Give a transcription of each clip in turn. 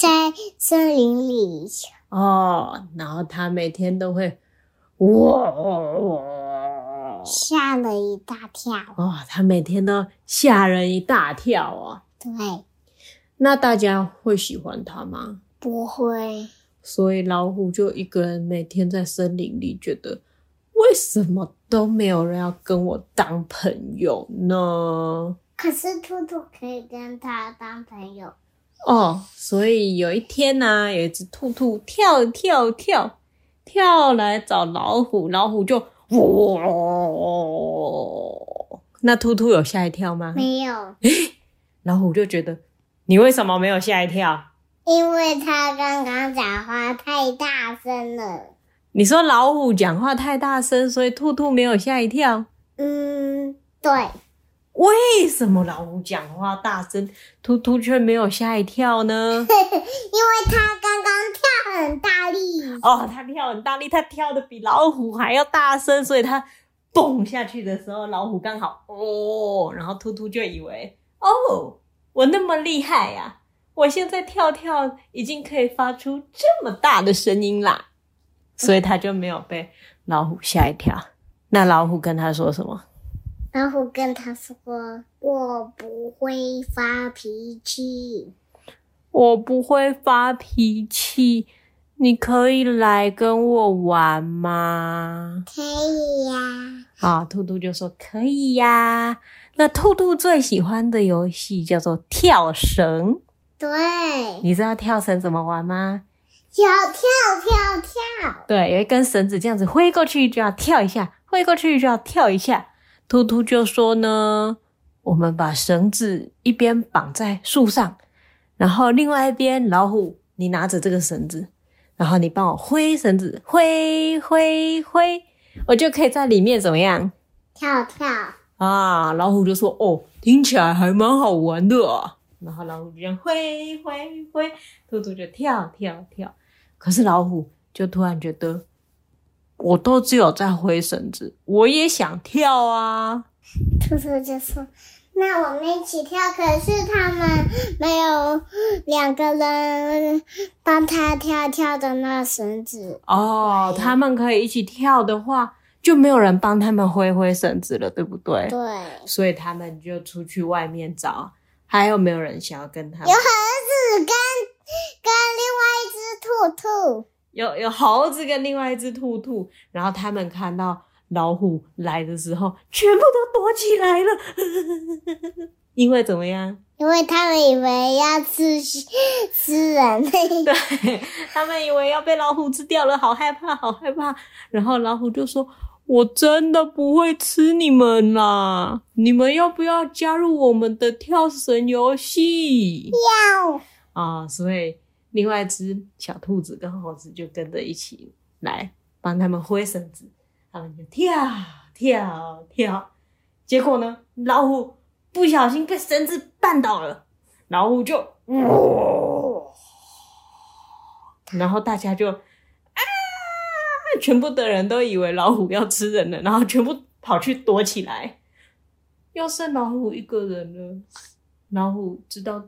在森林裡哦，然後他每天都會，哇，哇，哇，嚇了一大跳。哦，他每天都嚇人一大跳啊！對，那大家會喜歡他嗎？不會。所以老虎就一個人每天在森林裡，覺得為什麼都沒有人要跟我當朋友呢？可是兔兔可以跟他當朋友。哦，所以有一天呢、啊，有一隻兔兔跳跳跳跳來找老虎，老虎就喔、哦、那兔兔有嚇一跳嗎？沒有。咦，老虎就覺得你為什麼沒有嚇一跳？因為他剛剛講話太大聲了。你說老虎講話太大聲，所以兔兔沒有嚇一跳。嗯，對。為什麼老虎講話大聲，突突卻沒有嚇一跳呢？ 因為它剛剛跳很大力。哦，它跳很大力，它、哦、跳得比老虎還要大聲，所以它蹦下去的時候，老虎剛好哦，然後突突就以為哦，我那麼厲害呀、啊，我現在跳跳已經可以發出這麼大的聲音啦，所以它就沒有被老虎嚇一跳。那老虎跟他說什麼？然後跟他說：“我不會發脾氣，我不會發脾氣，你可以來跟我玩嗎？”“可以呀。”啊，兔兔就說：“可以呀。”那兔兔最喜歡的遊戲叫做跳繩。對，你知道跳繩怎麼玩嗎？要跳跳跳。對，有一根繩子，這樣子揮過去就要跳一下，揮過去就要跳一下。兔兔就說呢，我們把繩子一邊綁在樹上，然後另外一邊老虎，你拿着這個繩子，然後你幫我揮繩子，揮揮揮，揮，我就可以在裡面怎麼樣？跳跳。跳啊，老虎就說哦，聽起來還蠻好玩的啊。然後老虎就這樣揮揮揮，兔兔就跳跳跳。可是老虎就突然覺得。我都只有在揮繩子，我也想跳啊！兔兔就說：“那我們一起跳。”可是他們沒有兩個人幫他跳跳的那繩子。哦，對他們可以一起跳的話，就沒有人幫他們揮揮繩子了，對不對？對。所以他們就出去外面找，還有沒有人想要跟他？有猴子跟跟另外一隻兔兔。有有猴子跟另外一隻兔兔，然後他們看到老虎來的時候，全部都躲起來了。 因為怎麼樣？因為他們以為要吃吃人類。對，他們以為要被老虎吃掉了，好害怕，好害怕。然後老虎就說：“我真的不會吃你們啦，你們要不要加入我們的跳繩遊戲？”要啊、呃，所以。另外一隻小兔子跟猴子就跟着一起來幫他們揮繩子，他們就跳跳跳。結果呢，老虎不小心被繩子絆倒了，老虎就哇， 然後大家就啊，全部的人都以為老虎要吃人了，然後全部跑去躲起來，又剩老虎一個人了。老虎知道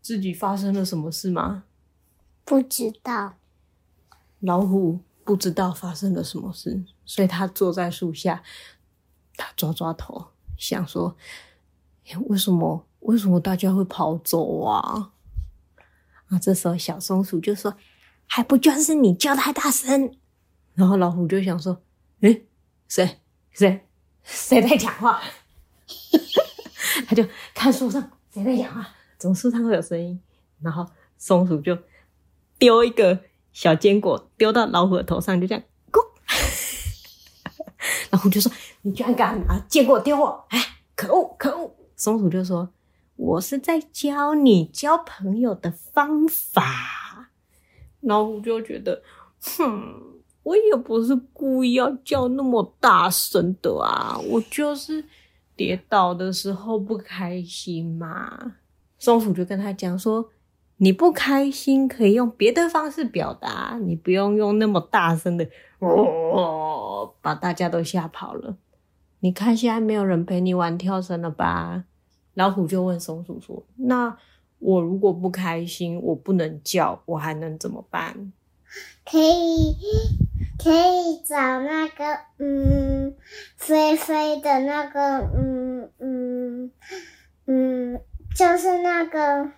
自己發生了什麼事嗎？不知道，老虎不知道發生了什麼事，所以他坐在樹下，他抓抓頭，想說：“欸、為什麼為什麼大家會跑走啊？”啊，這時候小松鼠就說：“還不就是你叫太大聲。”然後老虎就想說：“哎、欸，誰誰誰在講話？” 他就看樹上誰在講話，怎麼樹上會有聲音？然後松鼠就。丟一個小堅果，丟到老虎的頭上，就這樣咕 老虎就說：“ 你居然敢拿堅果丟我！哎，可惡可惡！”松鼠就說：“我是在教你交朋友的方法。嗯”老虎就覺得：“哼，我也不是故意要叫那麼大聲的啊，我就是跌倒的時候不開心嘛。嗯”松鼠就跟他講說。你不開心可以用別的方式表達，你不用用那麼大聲的，哦，把大家都嚇跑了。你看現在沒有人陪你玩跳繩了吧？老虎就問松鼠說：“那我如果不開心，我不能叫，我還能怎麼辦？”可以，可以找那個，嗯，飛飛的那個，嗯嗯嗯，就是那個。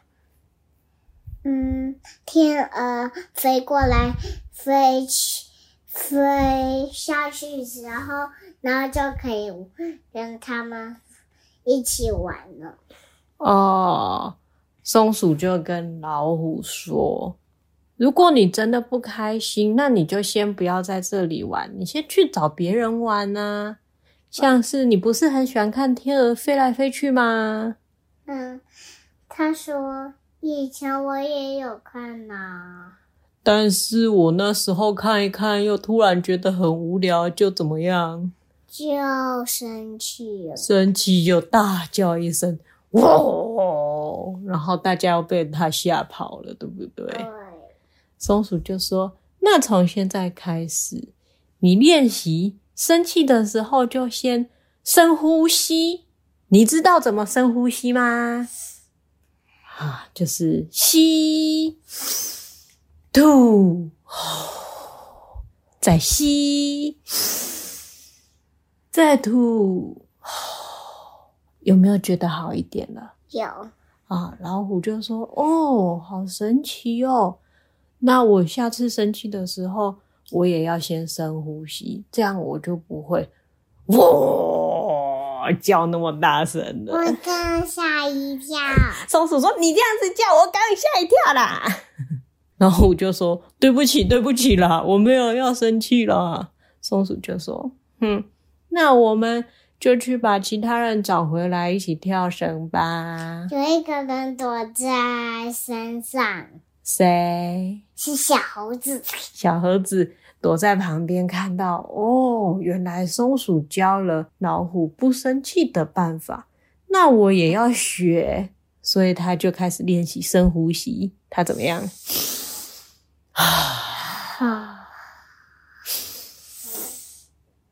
嗯，天鵝飛過來，飛去，飛下去之後，然後就可以跟他們一起玩了。哦，松鼠就跟老虎說：“如果你真的不開心，那你就先不要在這裡玩，你先去找別人玩啊。像是你不是很喜歡看天鵝飛來飛去嗎？”嗯，他說。以前我也有看吶，但是我那時候看一看，又突然覺得很無聊，就怎麼樣？就生氣了。生氣就大叫一聲“哇哦哦”，然後大家又被他嚇跑了，對不對？對。松鼠就說：“那從現在開始，你練習生氣的時候，就先深呼吸。你知道怎麼深呼吸嗎？”啊，就是吸、吐、再吸、再吐，有沒有覺得好一點了？有啊，老虎就說：“哦，好神奇哦！那我下次生氣的時候，我也要先深呼吸，這樣我就不會哇、哦我叫那麼大聲的，我剛嚇一跳。松鼠說：“你這樣子叫我剛嚇一跳啦。” 然後我就說：“ 對不起，對不起啦，我沒有要生氣啦。”松鼠就說：“哼、嗯，那我們就去把其他人找回來一起跳繩吧。”有一個人躲在山上，誰？是小猴子。小猴子。躲在旁邊看到哦，原來松鼠教了老虎不生氣的辦法，那我也要學，所以他就開始練習深呼吸。他怎麼樣？啊啊！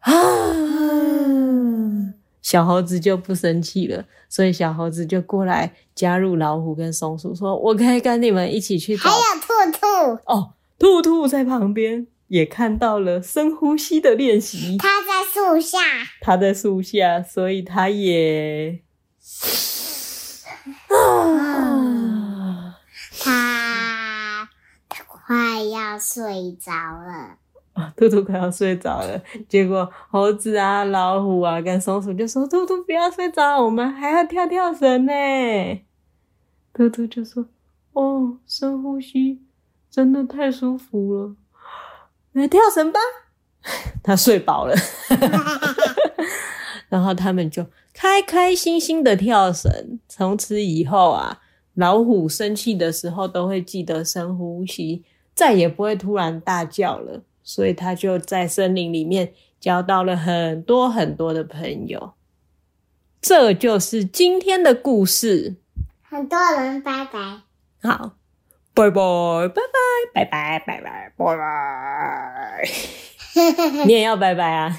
啊嗯，小猴子就不生氣了，所以小猴子就過來加入老虎跟松鼠，說：“我可以跟你們一起去。”還有兔兔哦，兔兔在旁邊。也看到了深呼吸的練習。他在樹下，他在樹下，所以他也，他、嗯、快要睡着了。啊，兔兔快要睡着了。結果猴子啊、老虎啊跟松鼠就說：“兔兔不要睡着，我們還要跳跳繩呢。”兔兔就說：“哦，深呼吸真的太舒服了。”跳繩吧，他睡飽了， 然後他們就開開心心的跳繩。從此以後啊，老虎生氣的時候都會記得深呼吸，再也不會突然大叫了。所以他就在森林裡面交到了很多很多的朋友。這就是今天的故事。很多人，拜拜。好。拜拜，拜拜，拜拜，拜拜，拜拜。你也要拜拜啊！